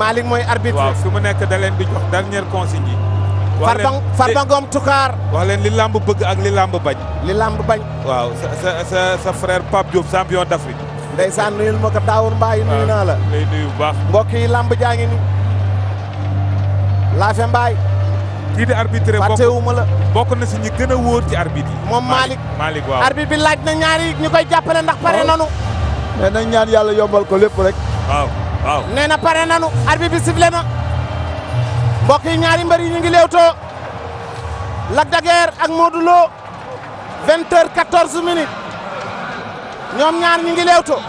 Malick mooy arbitre waaw nekk da leen di jox dernière consigne yi. Farba Farba Ngom wax leen li làmb ak li làmb bañ. li làmb bañ. waaw sa sa sa sa frère Pape Diop nuyul ma ko Mbaay nuyu naa la. lay nuyu bu baax. mbokk yi làmb Mbaay. kii di arbitre bokk la. bokk na si këna gën a arbitre moom Malick Malick waaw. laaj na ñaari ñu koy jàppale ndax pare nanu. mais nañ ñaan yàlla yombal ko lépp rek. waaw nee na pare nanu arbitre bi sifflé na mbokk ñaari mbër yi ñu ngi léewtoo Lac de ak Modou Lo vingt heures quatorze minutes ñoom ñaar ñu ngi léewtoo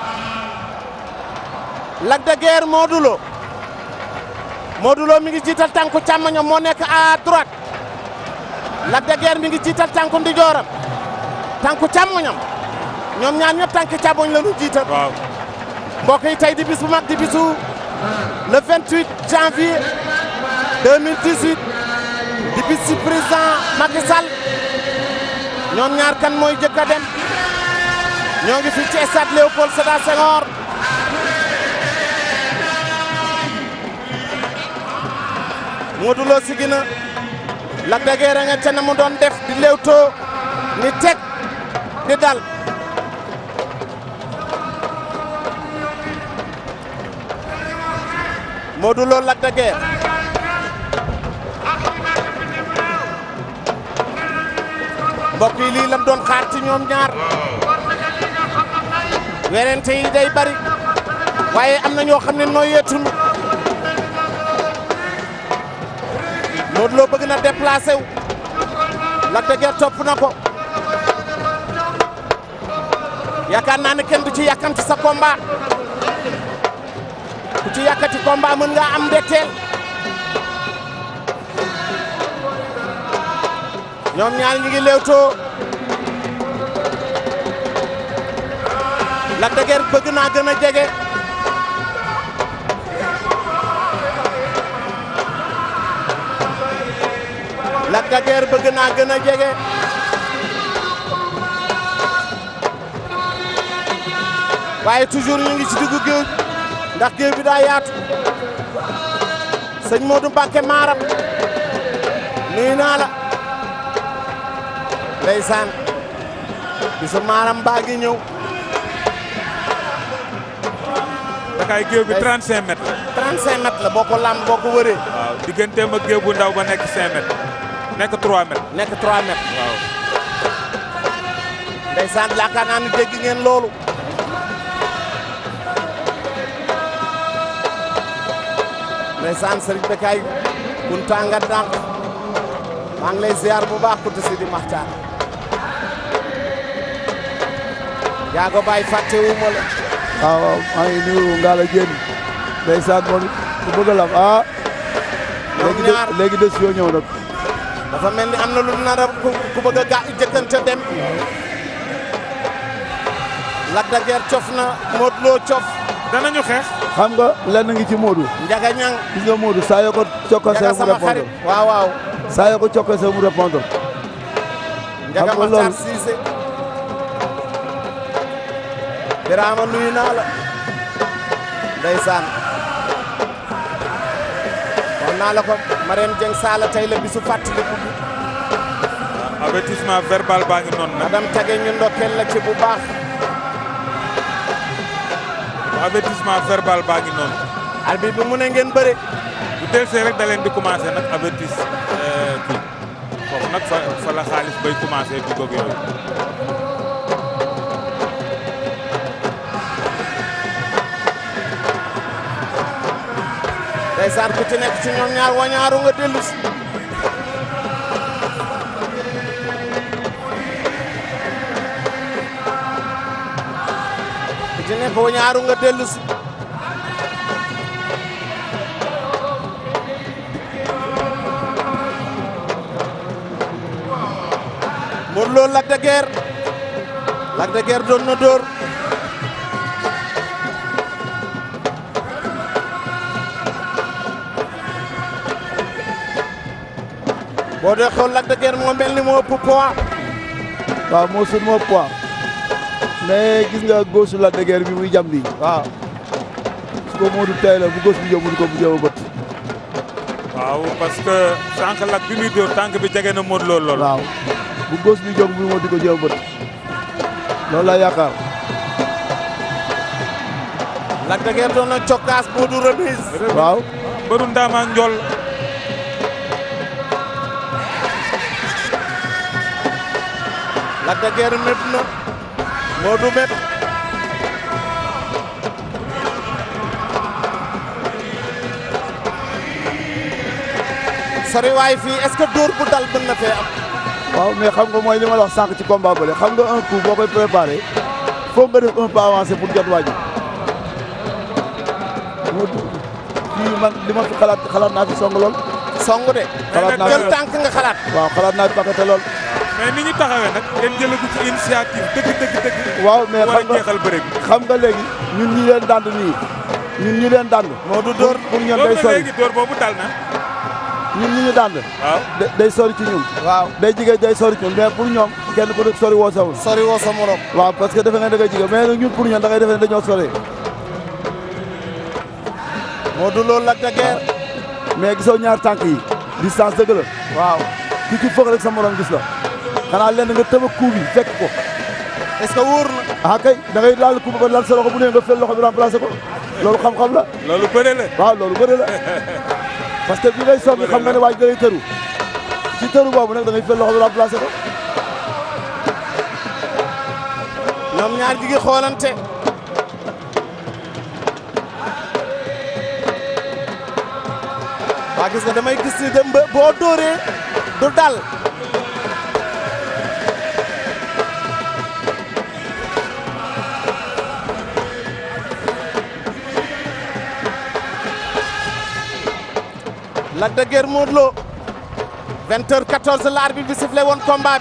Lac de Guiers mi ngi jiital tànku càmmoñam moo nekk à droite Lac de Guiers mi ngi jiital tànku ndijooram tànku càmmoñam ñoom ñaar ñëpp tànku càmmoñ la ñu jiital mbokk yi tey di bis bu mag di bisu le 28 janvier 2018 di bis ci président Macky Sall ñoom ñaar kan mooy jëkk a dem ñoo gi fi ci stade Léopold Sédar Senghor Modou Lo si gina Lac de Guiers ca na mu doon def di léewtoo ni teg di dal Modou Lo Lac de Guiers mbokk yi lii lam doon xaar ci ñoom ñaar werente yi day bari waaye am na ñoo xam ne nooy yeetunu Modou Lo bëgg na déplacé wu Lac topp na ko yaakaar naa ne kenn du ci yàkkamti sa combat ku ci yàkkati combat mën nga am mbetteel ñoom ñaar ngi léewtoo Lac de Guiers bëgg naa gën a jege Lac de bëgg naa gën a jege waaye toujours ñu ngi ci diggu géew ndax géew bi daa yaatu sëñ Modou Mbacké Maram nuyu naa la ndeysaan bisu Maram baa ngi ñëw Dakar géew bi 35 mètres la 35 la boo ko lam boo ko wëree waaw digganteem ak géew bu ndaw ba nekk 5 mètres nekk 3 mètres nekk 3 mètres ndeysaan laakaar naa ni loolu ndeysaan sëriñ Bécaye Kounta nga dànk maa ngi lay bu baax Kounta Sidi Maxtaar yaago bàyyi fàtte wu ma la waaw ah, waaw maa ngi nuyu Ngalla Diène ndeysaan moom ku bëgg a lam ah léegi de ñëw nag dafa mel ni am na lu nar a ku bëgg na Modou Lo cof danañu xam nga lenn ngi ci Modou. Ndiaga Niang gis nga Modou saa yoo ko cokkase mu répondre waaw waaw. saa yoo ko nuyu naa la. ndeysaan. wax naa la ko Marème Dieng tey la bisu fàttaliku bi. avertissement verbal baa ngi noonu nag. madame Tage ñu ndokkeel la ci bu avertissement verbal baa ngi noonu. arbitre bi mu ne ngeen bëre. bu delsee rek da di commencé nak avertis euh, kii foofu nag fa fa la xaalis bay commencé di bëgg yooyu. ndeysaan ku ci nekk ci ñoom ñaar wañaaru nga dellu ne boo ñaaru nga dellu si Modou dóor boo dee xool Lac moo mel ni moo ëpp poids waaw moo sut moo ëpp poids mais gis nga góosu la dëgër bi muy jam bi waaw su ko moodu tey la bu góos bi jëmul ko bu jëm bët waaw parce que sànq lak bi muy dóor tànk bi jege na Modou lool lool waaw bu góos bi jóg bu Modou di ko jëm bët loolu la yaakaar lak dëgër doon na cokkaas Modou remise waaw bëru ndaama njool lak dëgër mépp na Modou Mbeth sori waay fii est-ce que dóor bu dal mën na fee am. waaw mais xam nga mooy li ma la wax sànq ci combat bële xam nga un coup boo koy préparé foog nga def un pas avancé pour jot waa ji. Modou li ma fi xalaat xalaat naa fi song lool. song de. xalaat naa fi jël tànk lool. mais ni ñu taxawee nag ngeen jëlagu ci initiative dëgg waaw mais xam nga jeexal xam nga léegi ñun ñi leen dand nii ñun ñi leen dand. moo du dóor pour ñoom day sori léegi boobu dal na. ñun ñi ñu dand. waaw day sori ci ñun. waaw day jigéen day sori ci ñun mais pour ñoom kenn ku nekk sori woo sa sori woo sa morom. waaw parce que defe nga da ngay jigéen mais nag ñun pour ñoom da ngay dañoo sori. moo du loolu la de guerre. gisoo ñaar tànk yi distance dëgg la. waaw ku ci foog rek sa morom gis la. xanaa lenn nga tëb a coup bi fekk ko. est-ce na. ah kay da ngay laal coup ba laal sa loxo bu ne nga fel loxo bi remplacé ko loolu xam-xam la. loolu bëre la waaw loolu bëre la. parce que bi ngay sonni xam nga ne waa ji da ngay tëru ci tëru boobu nag da ngay fel loxo bi remplacé ko. ñoom ñaar jigi xoolante. waa gis damay gis ni dem boo dóoree du Lac de Guiers Modou Lo 20 heures 14 la arbitre bi sifflé woon combat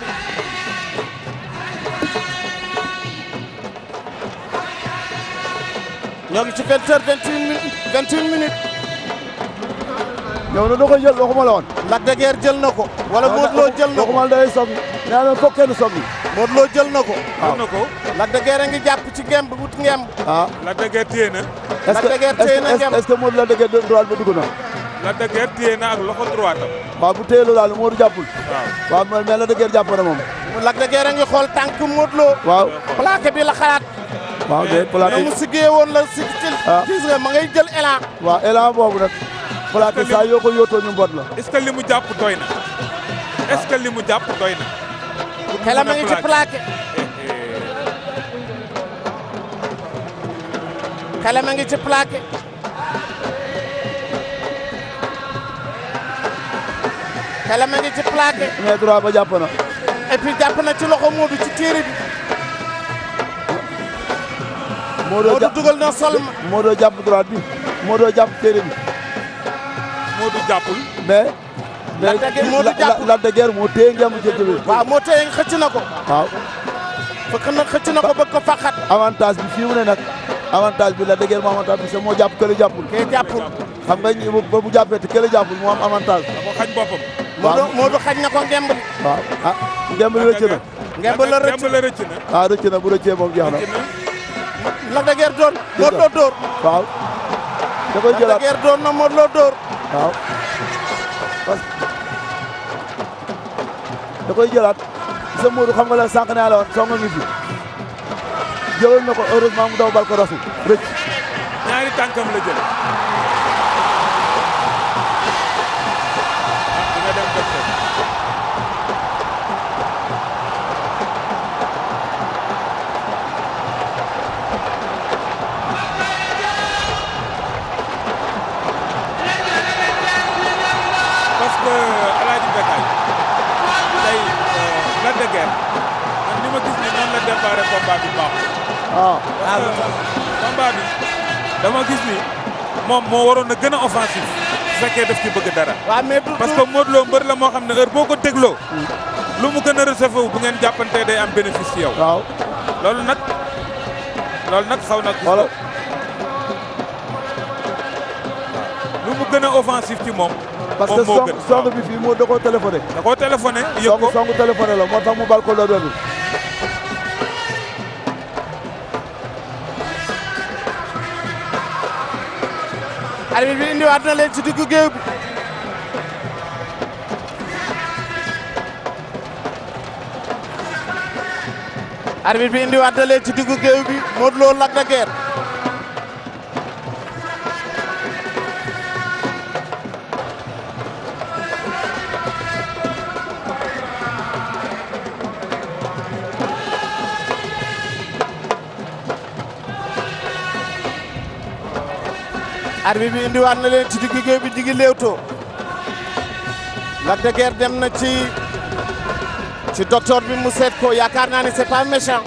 ñoo ngi ci 20 heures 28 minutes 28 minutes. yow doo ko jël waxuma la woon. Lac de Guiers jël na ko. wala Modou Lo jël na ko waxuma la day soppi. nee na foog kenn soppi. Modou Lo jël ko. waaw na ko. Lac de Guiers a ngi jàpp ci ngemb wut ngemb. waaw ah. Lac de Guiers téye na. Lac de Guiers téye na ngemb est-ce que est-ce que Modou Lac Lac de Guiers na ak loxo droite am. waaw bu téye loolu waaw waaw mais Lac de jàpp na moom. Lac de a ngi xool tànk Modou Lo. waaw plaqué bi xalaat. waaw kay plaqué mu siggee woon la si si. waaw ah. ma ngay jël élan. waaw élan boobu nag. plaqué saa yoo ko yootoo ñu mbot la. est-ce na. est-ce que na. xelam a ngi ci plaqué. xelam xel ma ngi ci plaqué. mais droit ba jàpp na. et na ci loxo Modou ci téere bi. Modou ja dugal na sol ma. Modou jàpp droit bi Modou jàpp téere bi. Modou jàppul. mais. mais Lac de Guiers moo téye ngeen mu jënd bi. waaw moo téye xëcc na ko. waaw. fekk na xëcc na ko bëgg ko faxat. avantage bi fii mu ne nag avantage bi la de Guiers moo bi c'est moo jàpp kële jàppul. kële jàppul. xam nga ba bu jàppee te kële jàppul moo am avantage. da waaw Modou xaj na ko ngemb. waaw ah ngemb li rëcc na. ngemb la rëcc na rëcc na. waaw ah, rëcc na bu rëccee moom jeex na. Lac de Guiers doon dóor. waaw. da koy jëlaat Lac de Guiers da koy jëlaat. sa Modou xam nga la sànq naa la woon song ngi fi. jëloon na ko heureusement mu daw bal ko rasu rëcc. ñaari tànkam la jël. békaay tey Lac de euh, ma gis ne noonu la déparé oh. dama gis ni moom moo waroon a gën a offensif fekkee def ci bëgg dara. waaw mais parce que Modou Lo mbër la moo xam ne heure boo ko dégloo. lu mu gën a recevoir bu ngeen jàppantee day am bénéfice ci yow. waaw loolu nag loolu nag xaw nag lu mu gën a offensif ci moom. parce que song song bi fii moo da ci diggu géew bi. arbitre bi indiwaat na leen ci diggu géew bi Modou Lo Lac de arbi bi indiwaat na leen ci digg bi jigi léewtoo Lac de Guiers dem na ci ci bi mu seet ko yaakaar naa ne c'est pas méchant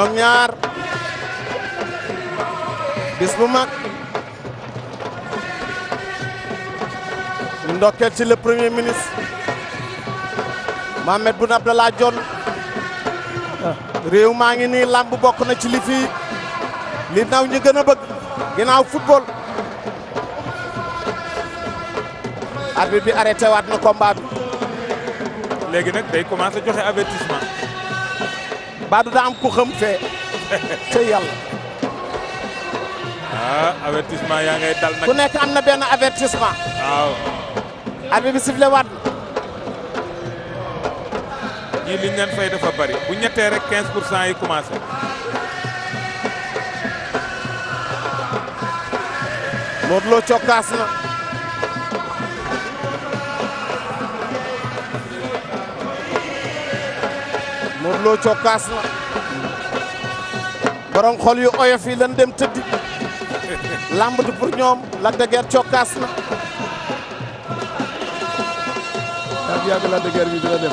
waaw bis bu mag ndokkeel ci le premier ministre Mohamed Boun Abdallah Dionne réew maa ngi nii làmb bokk na ci li fii li naw ñi gën a bëgg ginnaaw football arbitre bi arrêté waat na combat bi léegi nag day commencé joxe avertissement baa du daa am ku xam fee te yàlla ah avertissement yaa ngay dal nag ku nekk am na benn avertissement arbitre bi sifflé waat ñii liñ leen fay dafa bari bu ñettee rek 15 pour cent yi commencé. Modou Lo cokkaas na. Modou xol yu oyof yi lan dem tëddi. làmb di pour ñoom Lac cokkaas na. bu yàgg Lac dina dem.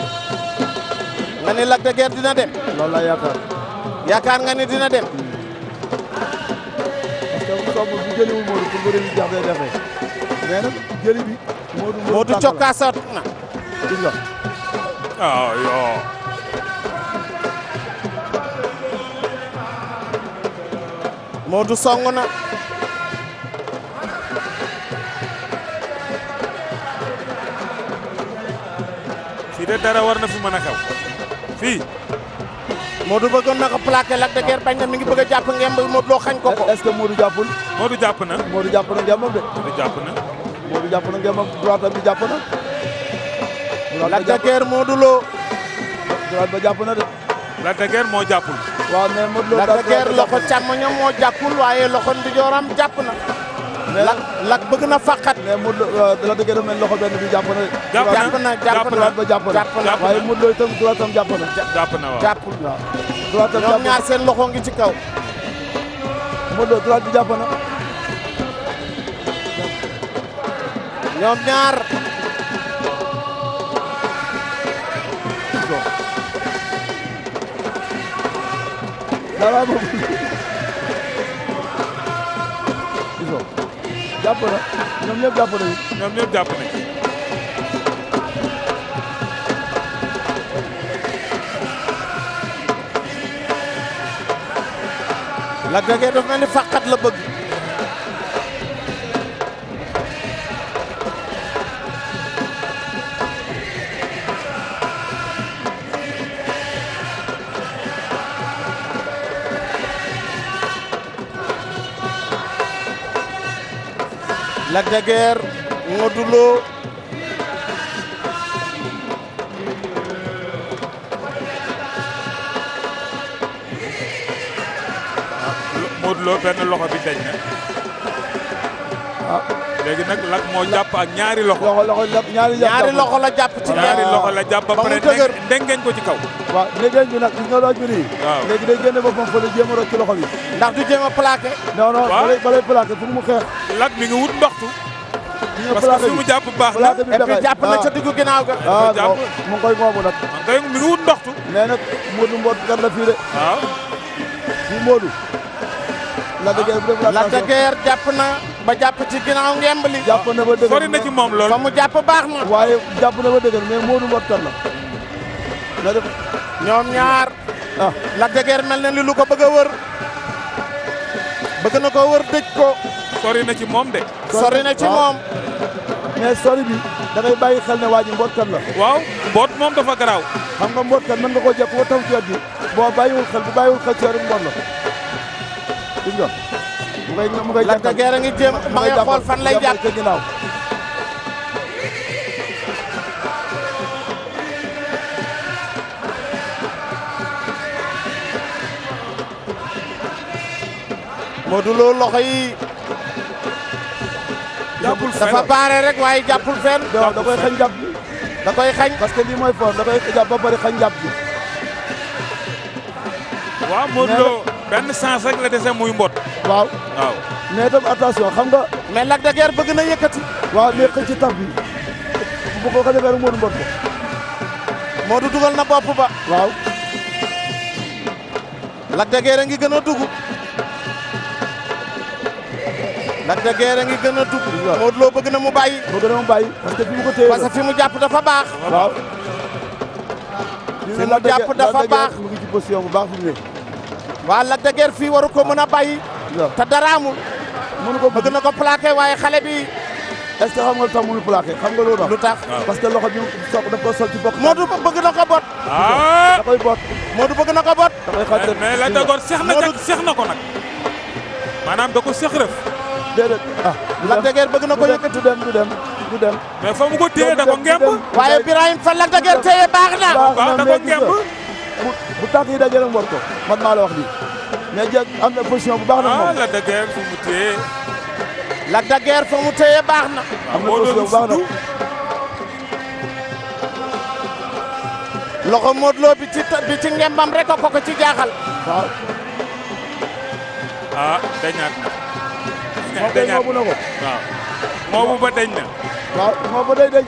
nga ni Lac de Guiers dina dem. loolu laa yaakaar. yaakaar dina dem. parce que bu soobee bu jëliwul Modou pour bëri bi jafe jafe mais nag jëli bi. Modou Modou cokkaasat na. gis nga. ah fii de dara war na fi mën a xew fii. Modou bëggoon na ko plaqué Lac de Guiers bañ na mi ngi bëgg a jàpp ngemb Modou Lo xañ ko ko. est-ce que jàppul. Modou jàpp na. Modou jàpp na ngembam de. Modou jàpp na. Modou jàpp na ngembam droite bi jàpp na. Lac de Guiers Modou Lo. jàpp na de. Lac de moo jàppul. waaw mais Modou Lo. Lac de Guiers loxo càmmoñam moo jàppul waaye loxo ndijooram jàpp na. lak lak bëgg na faqat. mais Modou Lac euh, de Guiers dafa mel loxo benn bi jàpp na. jàpp na jàpp na jàpp na jàpp na waaye Modou Lo itam droit tam jàpp na. jàpp na waaw jàpp na waaw. droit tam jàpp na ñoom ñaar jàpp na ñoom ñëpp jàpp nañu. ñoom ñëpp jàpp nañu. Lac de Guiers dafa mel ni fàqat la bëgg. Lac de Guiers Modou Lo Modou Lo benn loxo bi dañ na. waaw ah. léegi nag Lac moo jàpp ak ñaari loxo. loxo loxo ñaari ñaari loxo la jàpp ci. ñaari loxo la jàpp ba pare ndengeñ ko ci kaw. waaw ndengeñ bi nag gis nga loolu léegi day génne boppam fële jéem a ci loxo bi. ndax du jéem a plaqué. non non balay balay plaqué pour mu xeex. Lat ah, ah, mi ngi wut ndoxtu. parce que fi mu jàpp baax na et jàpp na ca diggu ginnaaw ga. ah non mu ngi koy moomu nag. mu ngi mi ngi wut ndoxtu. mais nag Modou Mbodj la fii de. waaw. fii Modou. Lac de jàpp na ba jàpp ci ginnaaw ngemb li. jàpp na ba dëgër sori na ci moom loolu. mu jàpp baax na. waaye jàpp la. na def ñoom ñaar. ah Lac de Guiers mel na ni ko bëgg wër. bëgg na koo wër dëj ko. sori na ci moom de. sori na ci moom. mais sori bi da ngay bàyyi xel ne waa ji mbootkat la. waaw mboot moom dafa garaaw. xam nga mbootkat mën nga koo jàpp ba taw ci wet bi boo bàyyiwul xel bu bàyyiwul xel ci wet bi mboot la gis nga. mu ngay mu ngay jàppale gerte ngi jéem ma ngay jàppul fenn dafa baare rek waaye jàppul fenn. da koy xañ jàpp bi xañ. parce que lii mooy force da koy jàpp ba pare xañ jàpp bi. waaw Modou Lo benn sens rek la dese muy mbot. waaw waaw. mais itam xam nga. mais Lac de Guiers bëgg na yëkkati. waaw mais xëcc ci taf bi bu ko xëjee rek Modou mbot ko. Modou dugal na bopp ba. waaw. Lac de Guiers ngi gën a dugg. Lac de Guiers ngi gën a dugg. Modou Lo bëgg na mu bàyyi. bëgg na mu bàyyi parce fi mu ko téye jàpp dafa baax. waaw. fi mu jàpp dafa baax mu ngi ci position bu baax fi mu ne. waaw Lac de Guiers fii waru ko mën a bàyyi. te dara ko bëgg na ko plaqué waaye xale bi. est ce que xam nga lu tax mënul plaqué xam nga loolu. lu tax parce que loxo bi soog daf ko sol ci bopp. Modou bëgg na ko bot. Ah. da koy bot. Modou bëgg na ko bot. da koy xaj eh, mais Lac de Guiers seex na ko nag maanaam ko seex déedéet ah. Lac bëgg na ko yëkkati du dem du dem du dem. mais fa mu ko téye da ko ngemb. fa Lac de Guiers baax na. baax na ko ngemb. bu bu tànk yi dajale mu war ko man maa la wax lii mais jéeg am na position bu baax na ah, moom. ah Lac de Guiers fa mu téye. Lac de Guiers fa mu téye na. am na position bu baax na. loxo Modou Lo bi ci bi ci ngembam rek ko ko ci jaaxal. waaw. ah dañaat na. day ñaar moomu na ko. waaw moomu ba deñ na. waaw moomu ba day deñ.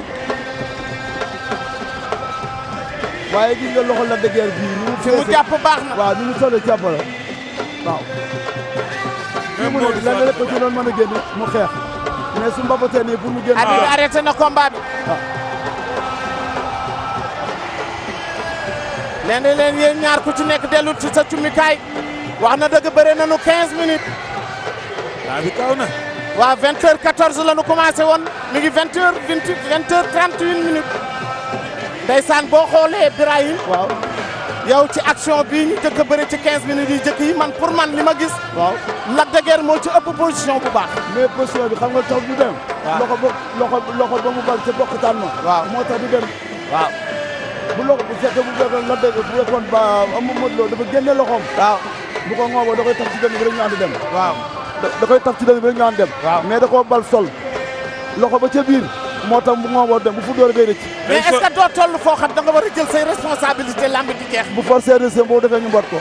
waaye gis nga loxo la dëgër bii ni mu. feesee mu jàpp baax na waaw ni mu soxla jàpp la waaw. même mu ne lan la a génn mu xeex. mais mu génn. waaw Habib arrêté na combat bi. waaw. lenn leen ñaar ku ci nekk dellu ci sa wax na dëgg bëre nañu 15 minutes. daa bi kaw na. waaw 20 heures 14 la ñu commencé woon mi ngi 20 heures 28 20 heures 31 minutes ndeysaan boo xoolee Birahim waaw yow ci action bii ñu jëkk a bëri ci 15 minutes yi jëkk yi man pour man li ma gis. waaw Lac de moo ci ëpp position bu baax. mais position bi xam nga tax du dem. waaw loxo ba loxo loxo ba mu bal ca bokkataan ma. waaw moo tax du dem. waaw bu loxo bu fekkee bu fekkoon Lac de Guiers bu fekkoon ba Modou Lo dafa génne loxoom. waaw bu ko ngooboo da tax dem rek ñu da koy taf ci dënn bi rek dem. mais da koo bal sol loxo ba ca biir moo tax bu ngooboo dem bu fu door day rëcc. mais est-ce que doo toll foo xam da nga war a jël say responsabilité lamb di jeex. bu forcer de seen boo defee ñu mbot ko.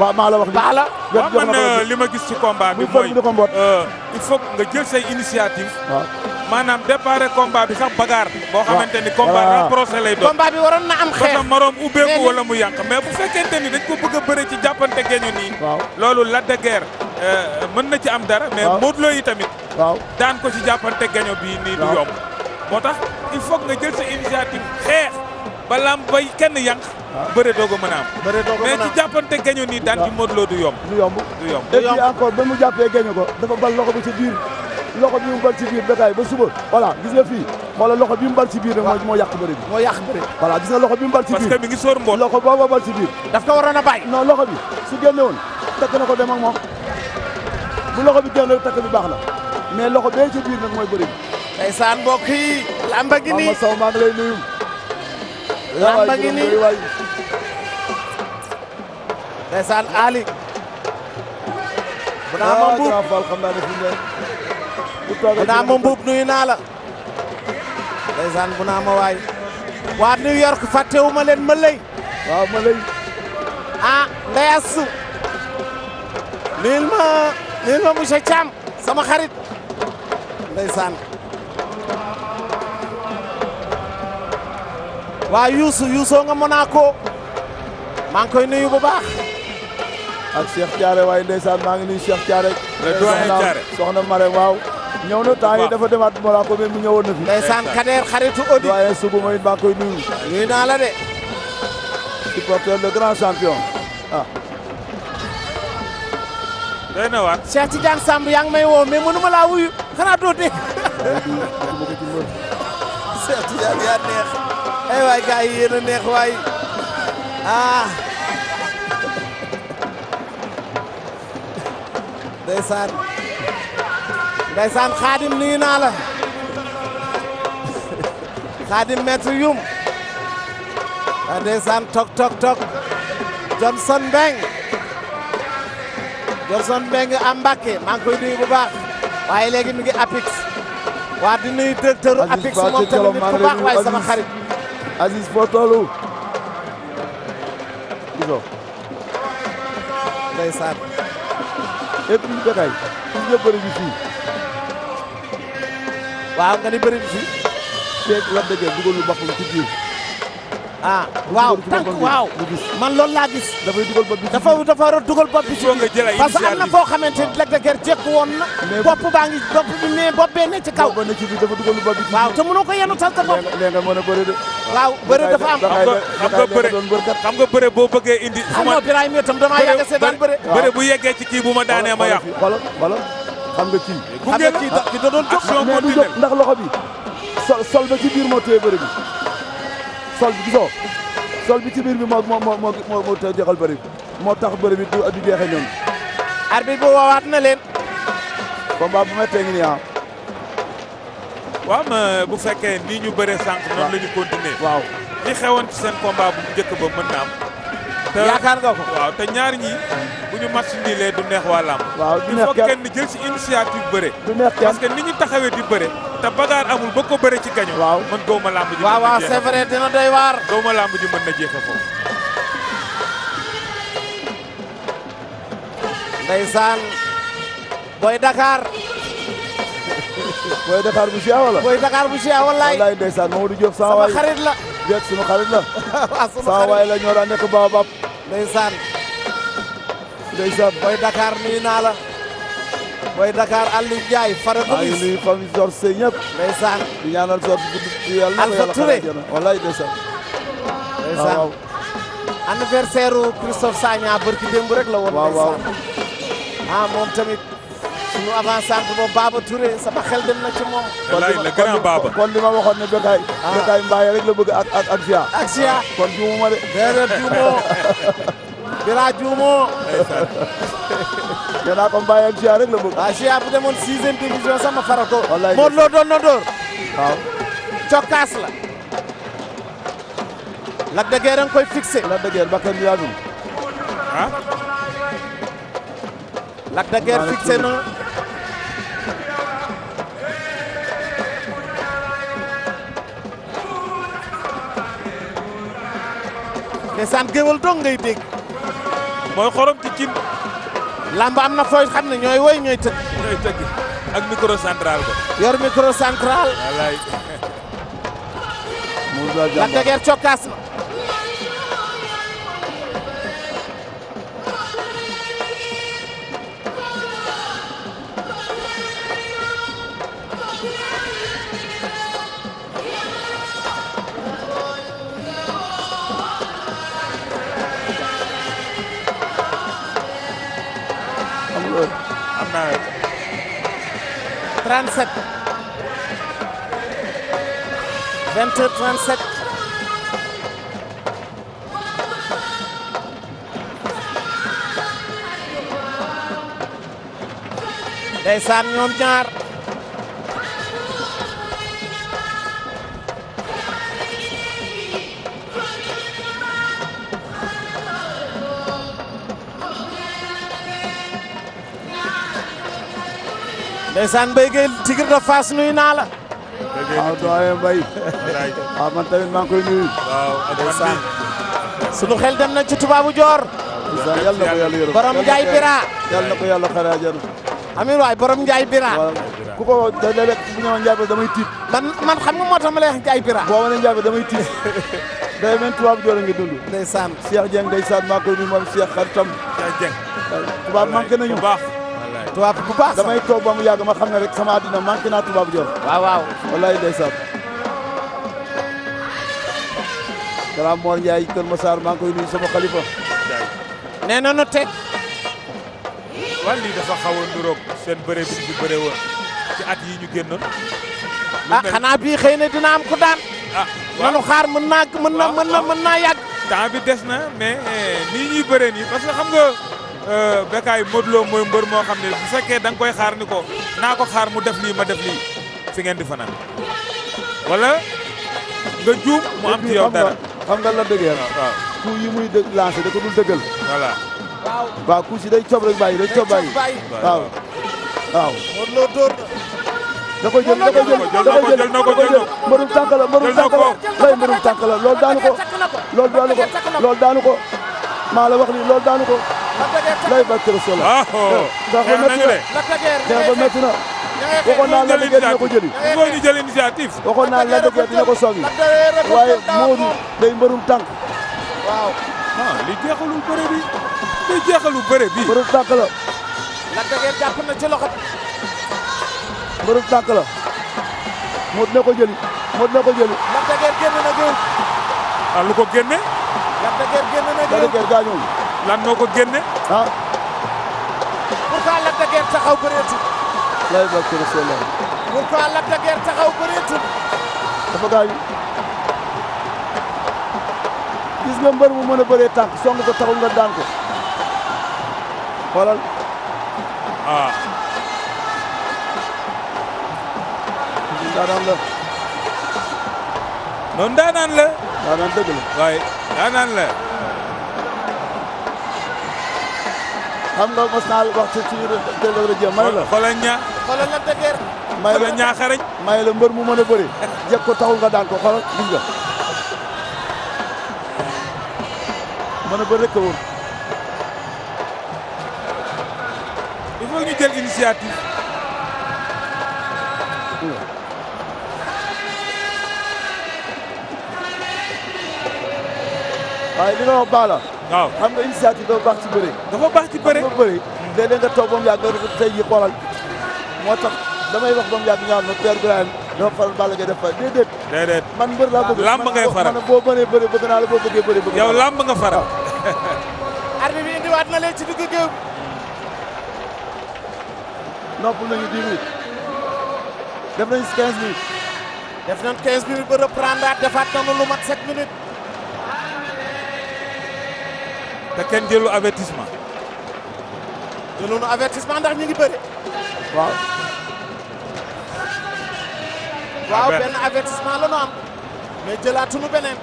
waaw maa la wax nii. la waaw man euh, li ma gis ci combat bi mooy euh, il faut nga jël say initiative. waaw. maanaam déparé combat bi sax bagarre. boo xamante ni combat rapproché lay doon. combat bi waroon na am xeex ba moroom ubbeeku wala mu yànq mais bu fekkente ni dañ ko bëgg a bëre ci jàppante geeño nii. waaw loolu Lac de Guiers euh, mën na ci am dara. mais Modou Lo yi tamit. waaw daan ko ci jàppante geeño bii nii du yomb. moo tax il foog nga jël sa initiative xeex ba lam bay kenn yànq. waaw bëre doog a mën a am. a mën a mais ci jàppante geeño nii daan ci Modou Lo du yomb. du yomb du yomb. et puis encore ba mu jàppee geeño ko dafa bal loxo bi ci loxo bi mu bal ci biir békaay ba suba voilà gis nga fii xoolal loxo bi mu bal ci biir rek moo yàq bëri bi moo yàq bëri voilà gis nga loxo bi mu bal ci biir parce que mi ngi sóor mbool loxo booba bal ci biir daf ko waroon a bàyyi non loxo bi su génne woon takk na ko dem ak moom bu loxo bi génne takk bi baax la mais loxo bee ci biir nag mooy bëri bi ndeysaan mbokk yi lamba gi nii saw maa ngi lay nuyu lamba gi nii waay ndeysaan Ali bu naa ma mbuub xam naa ne fi mu ne bu naa ma mbuub nuyu naa la ndeysaan bu naa ma waay waa New York fàttewu ma leen ma lëy waaw ma lëy ah nuyul ma nuyul ma monsieur Thiam sama xarit ndeysaan waa Youssou Youssou nga Monaco maa ngi koy nuyu bu baax ak Cheikh Thiaré waaye ndeysaan maa ngi nuyu Cheikh Thiaré soxna Marème waaw ñëw na temps yi dafa demaat Monaco mais mu ñëwoon na fi. ndeysaan Kader xaritu Odi. waaye sugu ma it maa naa la de. supporter le grand champion ah. doy na waar. Cheikh woo mais mënu ma wuyu xanaa doo dee. Cheikh Tidiane yaa neex. ay eh waay gars yi yéen a neex waay ah. ndeysaan xaadim nuyu naa la xaadim maître yum a ndeysaan tok tok tok Johnson Mbeng Johnson Mbeng a Mbàkke ngi koy nuyu bu baax waaye léegi mi ngi Apix waa di nuyu directeur Apix moom tamit nit bu waaye sama xarit Aziz foo toolu giso ndeysaan et puis Bécaye ñëpp bëri ñu fii waaw nga ni bëri na la dëgg dugalul boppam ci biir. ah waaw tànk waaw man loolu laa gis. dafay dugal bopp bi dafa dafa war a dugal bopp bi ci parce que am na foo xamante ni Lac de Guiers jekku woon na. bopp baa ngi bopp bi mais bopp bee ne ci kaw. bopp ne ci biir dafa bopp waaw te mënoo ko yenu tal sa bopp. léegi dafa am. xam nga bëre xam boo bëggee indi. su ma ah non Birahim itam seetaan bëre. bëre bu yeggee ci kii bu ma daanee ma yàqu. xam nga kii. ku nga kii da da doon jóg mais du ndax loxo bi. sol sol ba ci biir moo téye bëri sol bi gisoo sol bi ci biir bi moo moo moo moo moo téye joxal moo tax bëri bi du du jeexee ñoom. arbitre bu na leen. combat bu méttee ngi nii ah. waaw bu fekkee nii ñu bëree sànq. waaw la ñu continuer. waaw li xewoon ci seen combat bu njëkk ba mën na am. yaakaar nga ko waaw te ñaar ñi suñu match nii lee du neex waa làmb waaw du neex kenn jël si initiative bëre. du neex kenn parce ñu taxawee di bëre. te bagaar amul ba ko bëre ci gaño waaw man góob ma làmb ji. mën na jeexe foofu. ndeysaan. booy booy Dakar bu siyaa wallaay. wallaay ndeysaan Mamadou Diop sama xarit la. Diop sunu xarit la. sama waay la ñoo daan nekk Baobab. ndeysaan. ndeysaan boy Dakar nuyu naa la boy Dakar Aliou Ndiaye fara bu gis nuyu famille Sor Sey ñëpp ndeysaan di ñaanal Sor bu gudd yàlla Alpha Touré wallaay ndeysaan ndeysaan anniversaire rek la woon ndeysaan ah moom tamit suñu avancante boobu Baba Touré sama xel dem na ci moom wallaay le grand Baba kon li ma waxoon ne Bécaye ah. rek la bëgg ak ak ak Zia ak Zia kon juumu ma de Bira Diouma. yéen a ko bàyyi ak Chia rek la bëgg. waaw Chia bu demoon sixième division sama farako. wallaay Modou Lo doon na door. cokkaas la. Lac de koy fixé. Lac de Guiers bakkan yaadul. ah. Lac de Guiers fixé na. dong ngay dégg. mooy xorom ci cin. lamba am na fooy xam ne ñooy woy ñooy tëgg. ñooy ak micro central ba. yor micro central. wallaay. Moussa Diambar la dëgër na. 37 20 heures 37 ndeysaan ñoom ñaar ndeysaan Mbaye Gueye Tigre de Fass nuyu naa la. waaw doye Mbaye. waaw man tamit maa koy nuyu. waaw sunu xel dem na ci tubaabu joor. ndeysaan yal na ko yàlla yërëm borom Njaay Bira. yal na ko yàlla xare àjjana. waay borom Njaay Bira. ku ko da léeg-léeg bu Njaay Bira damay tiit. man man xam nga moo tax ma lay wax Njaay Bira. boo ma ne Njaay Bira damay tiit. day mel tubaab joor a ngi dund. ndeysaan Cheikh Dieng ndeysaan maa ngi koy nuyu moom Cheikh xaritam. Cheikh Dieng. tubaab manqué nañu baax. tubaab bu baax damay toog ba mu yàgg ma xam ne rek sama àddina manqué naa tubaab Dior. waaw waaw wallaay ndeysaan. salaam Mor Ndiaye Kër Massar maa ngi koy nuyu sama xalifa. nee na nu teg. wàll lii dafa xaw a nuroog seen bëre bi ñu bëre woon ci at yi ñu génnoon. ah xanaa bii xëy na dina am ku daan. ah xaar mën naa mën na mën naa yàgg. temps bi des na mais eh, nii ñuy bëree nii parce que xam nga. Euh, Bécaye Modou Lo mooy mbër moo xam ne bu fekkee da koy xaar ni ko naa ko xaar mu def lii ma def lii fi ngeen di fanaan wala nga juum mu am ci yow dara xam nga la dëggee waaw ku yi muy dë da ko dul dëggal voilà waaw ku si day cob rek bàyyi day cob bàyyi waaw waaw Modou Lo da koy jël da koy jël da koy jël da tànk la mbërum tànk la lay tànk la loolu daanu ko loolu daanu ko ko maa la wax ni loolu daanu ko lay bakk rasul la ndax ba métti na xeex ba métti na waxoon naa Lac de Guiers dina ko jëli mooy di jël initiative waxoon naa Lac de Guiers dina ko songi waaye Modou day mbërum tànk waaw li jeexalul bëre bi li jeexalul bëre bi mbërum tànk la Lac de Guiers jàpp na ci loxo mbërum tànk la Modou na ko jëli Modou na ko jëli Lac de Guiers génn na góor ah lu ko génne Lac de Guiers génn na góor Lac de Guiers gaañoo lan moo ko génne. ah. pourquoi Lac de Guiers taxaw bëreetul. lay bokk Rasulullah. pourquoi Lac de Guiers taxaw bëreetul. dafa gaañ. gis nga mbër mu mën a bëree tànk song ko taxul nga daan ko. xoolal. ah. daanaan la. noonu daanaan la. daanaan dëgg la waaye daanaan la. xam nga mos naa wax ci suñu télévision rajo may la xoolal ñaa xoolal la dëgër may la ñaa xarañ may la mbër mu mën a ko taxul nga daan ko xoolal nga mën a bëri rek ko woon il faut ñu li nga wax baax waaw xam nga initiative dafa baax ci bëre. dafa baax ci bëre dafa bëre. léeg-léeg nga toog ba mu yàgg nga def tey jii xoolal moo tax damay wax ba mu yàgg ñaar na Père Birahim dafa faral Balla Gaye def fa déedéet. man mbër laa bëgg. làmb ngay faral man boo mënee bëre bëgg naa la boo bëggee bëre bëgg yow làmb nga faral. arbi bi indiwaat na leen ci digg géew. noppal nañu 10 minutes. def nañu 15 minutes. def nañu 15 minutes ba reprendre defaat nañu lu mat 7 minutes. te kenn jëlu avertissement. jëloonu avertissement ndax ñu ngi bëri. waaw. waaw benn avertissement la ñu am. mais jëlaatunu beneen.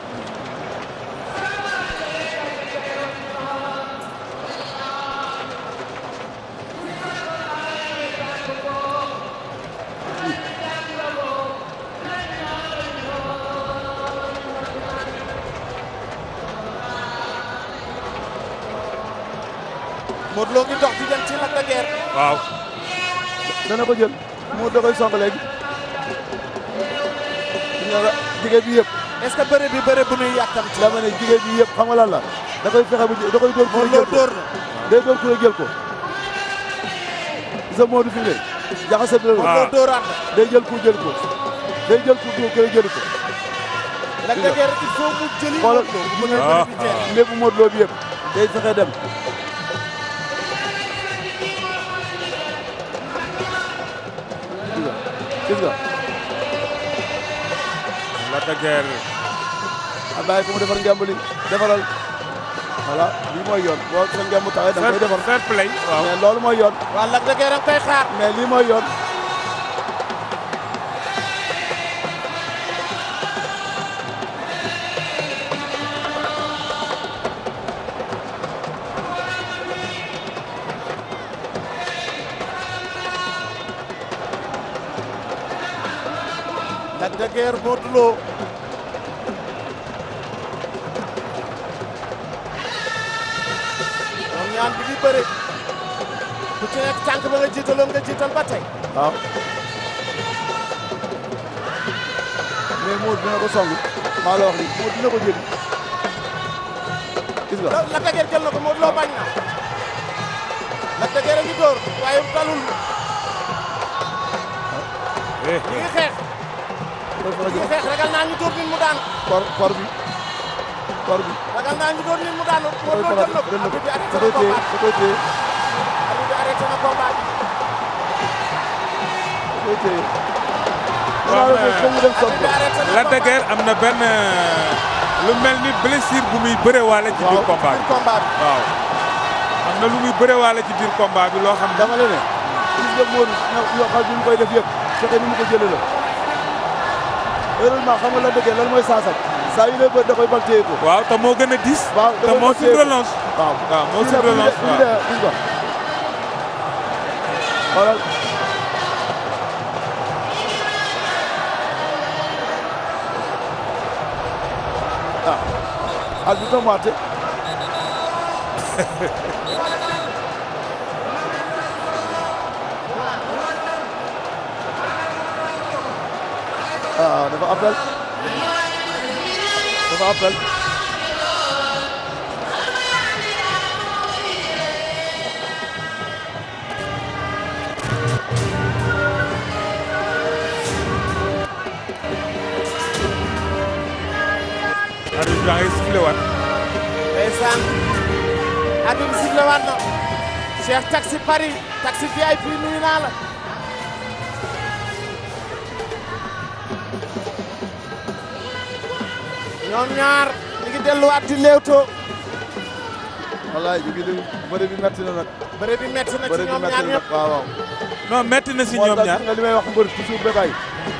Modou Lo ngi dox di dem ci Lac de Guiers. waaw. dana ko jël Modou da koy song léegi. jigéen bi yëpp. est-ce que bëre bi bëre bu nuy yàqam ci. dama ne jigéen bi yëpp xam nga lan la da koy fexe bu da koy dóor ku jël ko day dóor ku jël ko. sa Modou fi mu ne jaxase bi la. waaw dóoraat day jël ku jël ko day jël ku jël jël ko. Lac de Guiers il faut mu jëli. Modou Lo lépp ah, Modou Lo bi yëpp day fexe dem. dëgg la. Lac de Guiers. Ablaye mu defar ngemb li defaral. voilà lii mooy yoon boo sa ngemb tawee da nga koy play waaw loolu mooy yoon. waaw Lac koy xaar. mais lii mooy derrière Modou Lo ñoom ñaar bi ngi bëri ku ci nekk tànk ba nga jiitaloon nga jiital ba tey waaw mais Modou dina ko song maa la wax ni Modou dina ko jël gis nga la tegeer jël na ko Modou Lo bañ na la tegeer a ngi door waaye talul eh, eh. ñu ngi xeex bu feex ragal naa ñu dóor nit mu daanu. kor kor bi kor bi. ragal naa ñu dóor nit mu daanu. moo doon jël na ko arrêté na combat bi da koy téye arrêté na combat bi. da koy téye. kon Lac de Guiers am na benn euh, lu mel ni blessure bu muy bërewaale. ci biir combat bi waaw. am na lu muy bërewaale ci biir combat bi loo xam ne. dama la ne gis nga Modou yoo xam ne ñu koy def yëpp fexe ni mu ko jëlee la. heureusement xam la dëggee lan mooy saasam saa yu lay bëri da bal téye ko waaw te moo gën a diis waaw te moo sub waaw moo sub relance waaw al bi tam waate waaw ah, dafa appel dafa appel arbitre bi ngay sifflé waat ndeysaan arbitre bi sifflé waat na Cheikh Taxi Paris Taxi VIP nuyu naa la ñoom ñaar ñu ngi delluwaat di léewtoo wallaay ñu ngi déglu bëre bi metti na nag bëre bi metti na ci ñoom ñaar ñëpp waaw waaw si ñoom ñaar nga li may wax mbër toujours bébay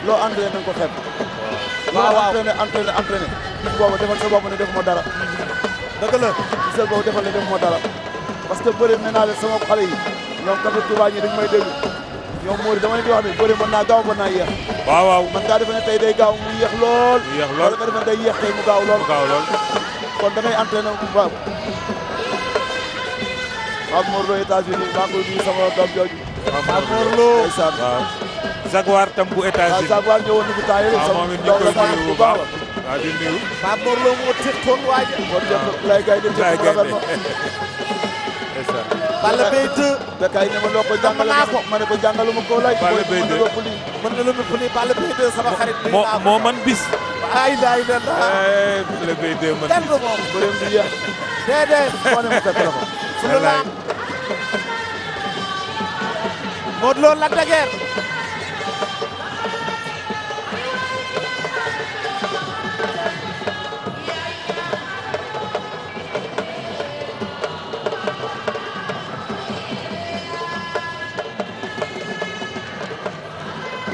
loo entraîné nañ ko xeeb waaw waaw entraîné entraîné entraîné gis boobu defal sa boobu ne def ma dara dëgg la gis sa boobu defal ne def ma dara parce que bëre nee naa leen sama xale yi ñoom kafe Touba ñi may déglu ñoom Mori dama leen di wax ne bëri mën naa gaaw mën naa yéex. man ngaa defe ne tey day gaaw mu yéex lool. mu yéex lool nga defe ne day yéex tey mu gaaw mu gaaw lool kon da ngay entraîné bu baax. Pape Mor Lo États-Unis maa ngi koy sama doom jooju. Pape Mor Lo ndeysaan waaw. Jaguar tam bu états ah, ah, bu baax waaw di nuyu. Pape Mor Lo moo tëj toon waaye. lay gay de jot mu Balla Gaye 2 te kay ne ma loo ko jàngale ma ne ko jàngaluma ko lay Balla Gaye 2 mën na lu mu ni Balla Gaye 2 sama xarit bi moo man bis ay daay da la eh, Balla Gaye 2 man kenn du moom bërëm bi yeex déedéet moo ne ma sa téléphone sunu laam Modou la dageer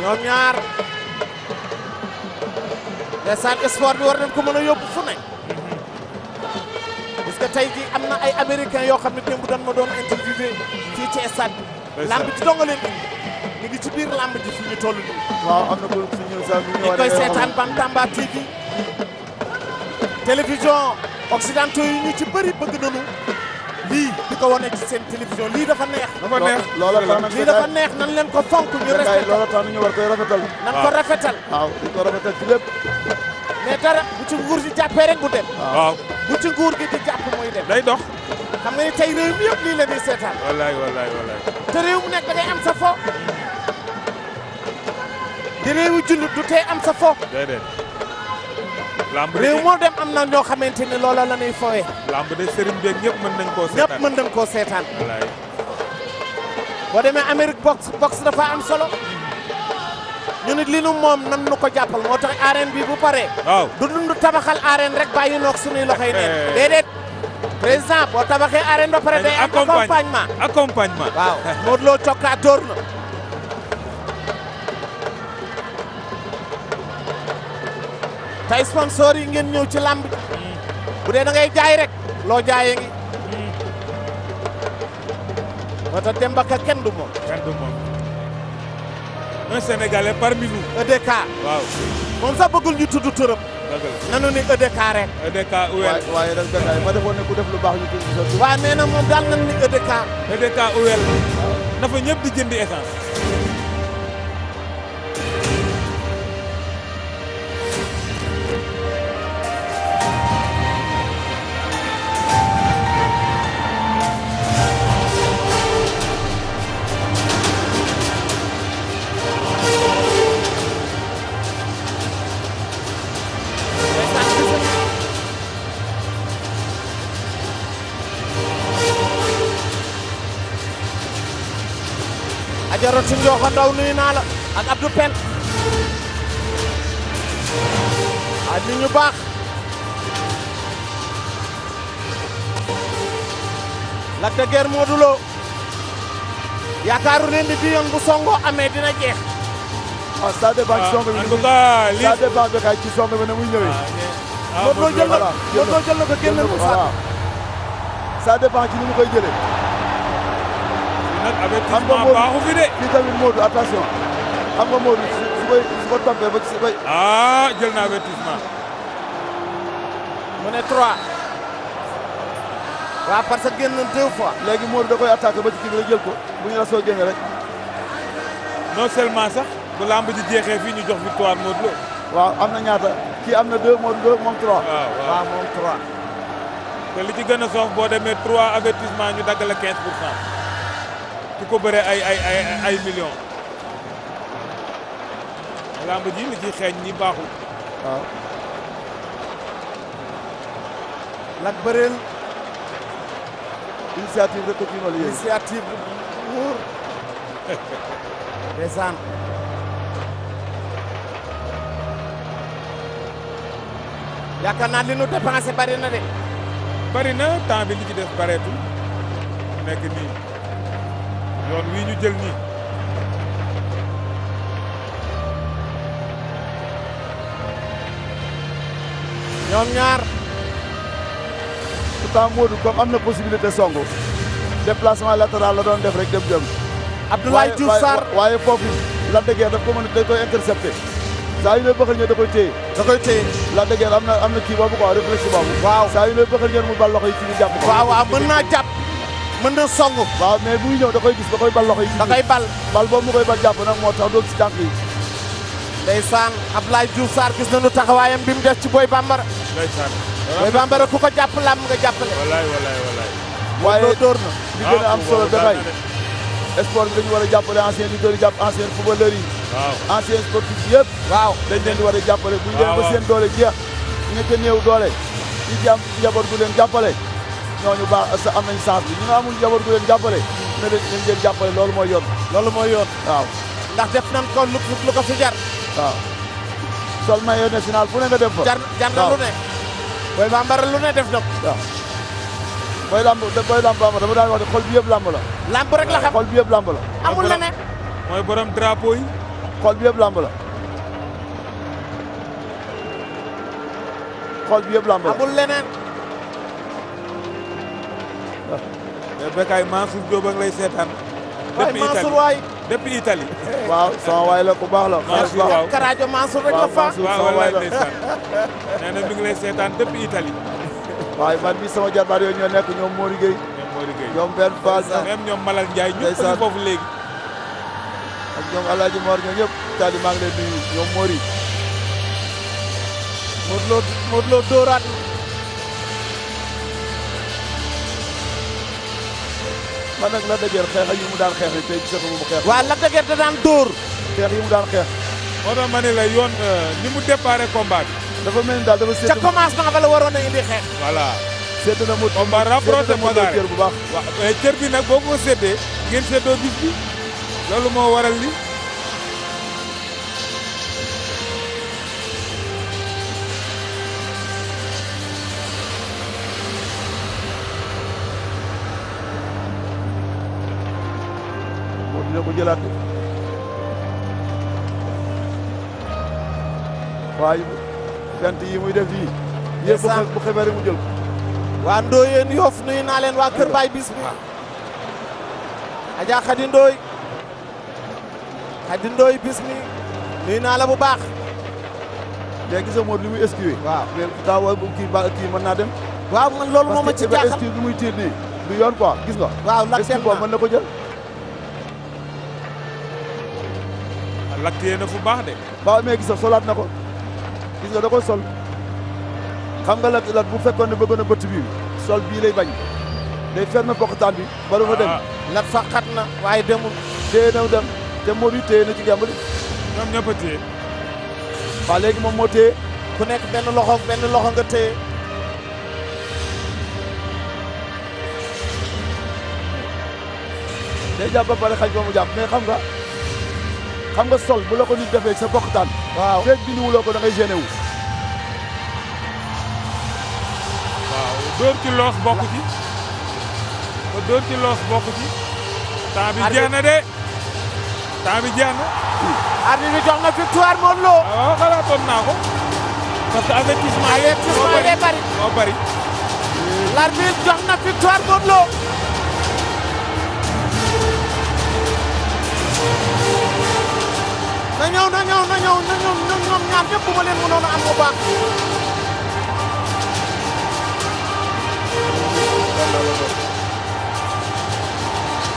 ñoom ñaar ndeysaan sport bi war nañ ko mën a yóbbu fu ne parce que tey jii am na ay américain yoo xam ne démb dañ ma doon interviewé fii ci stade lamb ji donga leen ñu ci biir lamb ji fi ñu toll nii am na ko suñu sa ñu koy seetaan Bantamba TV télévision occidentaux yi ñu ci bëri bëgg nañu lii di ko wane ci seen télévision lii dafa neex. dafa neex loola tax nag lii dafa neex nan leen ko fonk ñu respecté loola tax ñu war koy rafetal. nan ko rafetal. waaw di ko rafetal ci lépp. mais dara bu ci nguur gi jàppee rek bu dem. waaw bu ci nguur gi di jàpp muy dem. day dox. xam nga ni tey réew mi yëpp lii la ñuy seetaan. wallaay wallaay wallaay. te réew mu nekk da am sa fo. di réewu jullit du tey am sa fo. déedéet. lamb réew moo dem am na ñoo xamante ne loola la ñuy fooye lamb de sëriñ beeg ñëpp mën nañ koo seetaan ñëpp nañ koo seetaan boo demee Amérique box box dafa am solo ñu nit li nu moom nan nu ko jàppal moo tax arène bi bu paree waaw du dund tabaxal arène rek bàyyi noog suñuy loxoy neen eh. déedéet président boo tabaxee arène ba pare eh, day am accompagnement accompagnement waaw Modou Lo cokka door na tey sponsor yi ngeen ñëw ci làmb bu dee da ngay jaay rek loo jaayee ngi moo tax Demba Ka kenn du moom kenn du moom un sénégalais parmi e tudd turam nanu ni EDK rek EDK UL waaye nag gànnaay ma defoon ne ku def lu baax ñu tudd moom daal nan ni EDK EDK UL na fa di jëndi Youssou Ndiokha Ndaw nuyu naa la ak Abdou Pen ay nit ñu baax Lac de Guiers Modou Lo yaakaaru leen di yoon bu songo amee dina jeex. ah ça dépend ci ah, songo bi en tout cas lii ça dépend de kay ah, ah, Lo jël na ko génn mu sax. ça dépend ci ni mu koy jëlee. avertissement baaxu fi de. kii tamit Modou attention xam nga Modou su su koy ko toppee ba ci bay. ah jël na avertissement. mu ne 3. waaw parce que génn deux fois. léegi Modou da koy attaqué ba ci kii bi jël ko bu ñu la soo génnee rek. non seulement sax bu lamb ji jeexee fii ñu jox victoire Modou Lo. waaw am na ñaata kii am na deux Modou deux moom 3. waaw moom 3. te li ci gën a soof boo demee 3 avertissement ñu dagg la pour cent. ku ko bëree ay ay ay ay millions. lamb ji li ciy xeeñ ñi baaxul. waaw. Lac bëreel. initiative rek ko tiimal yaakaar naa li nu dépensé bari na de. bari na temps bi li ci def bareetul nekk nii. yoon wii ñu jël nii ñoom ñaar pourtant Modou comme am na possibilité songu déplacement latéral la doon def rek dem jëm Abdoulaye Diouf Sarr waaye foofu la dëggeer daf ko mën da koy intercepté saa yu ne te ñëw da koy téye da koy téye la dëggeer am na am na kii boobu quoi réflexe boobu waaw saa yu ne bëxal ñëw mu bal loxo yi ci jàpp waaw waaw mën naa jàpp mën na song. waaw mais buy ñëw da koy gis da koy bal loxo yi. da koy bal bal boobu mu koy bal jàpp nag moo tax doog si tànk yi. ndeysaan Abdoulaye Diouf Sarr gis nañu taxawaayam bi mu def ci Boy Bambara. ndeysaan. Boy Bambara ku ko jàpp làmm nga jàppale. wallaay wallaay wallaay. waaye door na gën a am ah, solo dafay. sport bi dañu war a jàppale ancien leader yi jàpp ancien footballeur yi. waaw ancien sportif yëpp. waaw dañ leen di war a jàppale. Ah, bu ñu leen ba seen doole jeex. ñu nekk néew doole. ñu jàpp njaboot bu leen jàppale. ñooñu baax am nañ chance bi ñu nga amul jabar gu leen jàppale ne leen ñu ngeen jàppale loolu mooy yoon loolu mooy yoon waaw ndax def nañ ko lu lu ko fi jar waaw sol maillot national fu ne def fa jar na lu ne booy bambara lu def na ko waaw booy lamb booy lamb bamba dama daan wax ne xol yëpp lamb la lamb rek la xam xol yëpp lamb la amul la ne mooy borom drapeau yi xol yëpp lamb la bi yëpp la amul leneen Bécaye Mansour Diop a ngi lay seetaan. depuis Italie waay depuis Italie. waaw sama waay la ku baax la. Mansour Karaajo Mansour rek la faa. waaw wallaay ndeysaan seetaan depuis Italie. waaye man bi sama jarbaar yooyu ñoo nekk ñoom Mori ñoom benn Fall sax ñoom Malal ñoom El Hadj Mor ñoom ñëpp Italie maa ngi leen nuyu ñoom Mori. Modou Lo Modou man nag la dëgër xeex ak yi mu daan xeex tey gisatu mu xeex. waaw la dëgër da daan dóor. xeex yi mu daan xeex. moo tax ma ne la yoon euh, ni mu déparé combat bi. dafa mel ni daal dafa seetlu ca commencement ba la waroon a indi xeex. voilà seetlu na mu. combat rapproché moo daal cër bu baax. waaw bi nag boo ko séddee ngeen séddoo bis bi loolu moo waral li jëlaat de waaye jant yi muy def yii yëpp bu mu jël ko waa Ndoyeen Yoff nuyu naa waa Kër Baay bis bi ah. Adja Khady Ndoye Khady Ndoye bis mi nuyu naa la bu baax léegi li muy esquivé waaw daa wa kii ba kii mën naa dem waa man loolu moo ma ci jaaxal parce que tiir nii du yoon quoi gis nga waaw la esquive mën na ko jël laktiyee na fu baax de. waaw mais gis nga solaat na ko gis nga da ko sol xam nga lat bu fekkoon ne bëggoon a bëtt bii sol bii lay bañ day fermer poqataan bi. waaw ba dem ah. lat sax xat na waaye demul. téye na dem te Modou téye na ci gemb li. ñoom ñëpp a téye. waaw léegi moom moo téye. ku nekk benn loxo benn loxo nga téye. day jàpp ba pare xaj ba mu jàpp mais xam nga. xam nga sol bu la ko nit defee sa bokkutaan. waaw feeg bi ñu wuloo ko da ngay génne wu. waaw dóor ci loos bokku ci. ba dóor bi jeex de. temps bi jeex na. arbitre bi jox na victoire Modou Lo. waaw ah, xalaatoon naa ko. parce que avertissement yi. avertissement bari moo bari. l'arbitre jox na victoire Modou Lo. na ñëw na ñëw na ñoom ñaar ñëpp bu leen mënoon a am bu baax.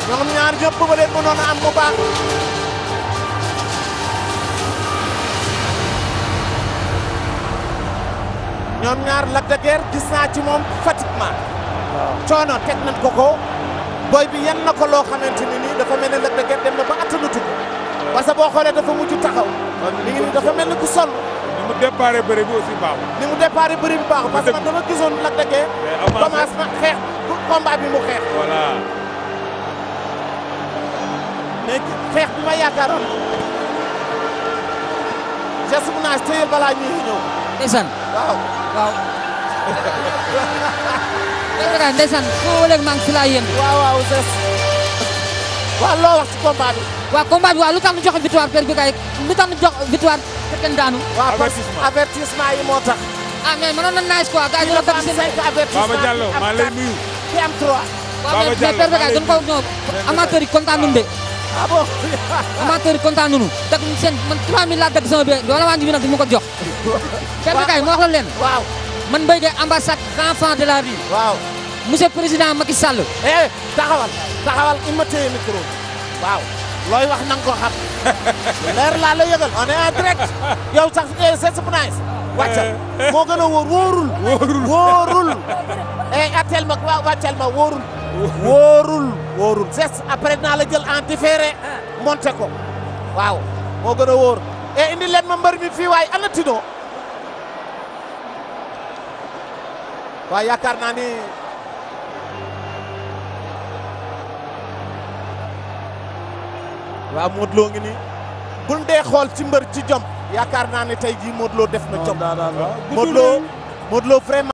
ñoom ñaar ñëpp bu gis naa ci moom fatiguement. waaw coono teg nañ ko ko. booy bi yan na ko loo xamante nii dafa mel ne dem na ba attanutu. parce que boo xoolee dafa mujj taxaw. li ngi nii mel ni ku sol. ni mu déparé bëri bi aussi baaxul. ni mu déparé bëri bi baaxul parce que gisoon Lac de Guiers. commence na xeex pour combat bi mu xeex. voilà. mais xeex bi ma yaakaaroon. geste bu naaj téyel balaa ñuy ñëw. ndeysaan. waaw waaw. dégg nga loo wax ci combat bi. waaw combat bi waaw lu tax ñu jox victoire Père Bécaye lu tax ñu jox victoire kenn daanu. waaw yi moo tax. ah mais na nice quoi gars yi dafa am cinq avertissement Baba maa lay nuyu fi am trois. Baba Diallo maa lay nuyu waaw mais Père Bécaye dañu ko ñëw amateur yi kontaan nañu de. ah kontaan nañu. teg seen man 3000 laa teg sama bee wala waa nji bi nag du ma ko jox. waaw Père Bécaye ma wax la leen. waaw man Mbaye Gueye ambassade de la rue. waaw monsieur président Macky Sall. eh taxawal taxawal il ma téye micro looy wax na nga ko xam leer laa la yëgal on est en direct yow sax eh, c'est surprise wàccal moo gën a wóor wóorul wóorul eh atteel ma waaw wóorul wóorul wóorul geste après naa la jël en différé monté waaw moo gën a wóor e indi leen ma mbër waay ana Tino waaw yaakaar naa ni waaw Modou Lo ngi nii buñ dee xool ci mbër ci jom yaakaar naa ne tey jii Modou def na jom Modou Lo Modou Lo